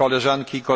koleżanki i koledzy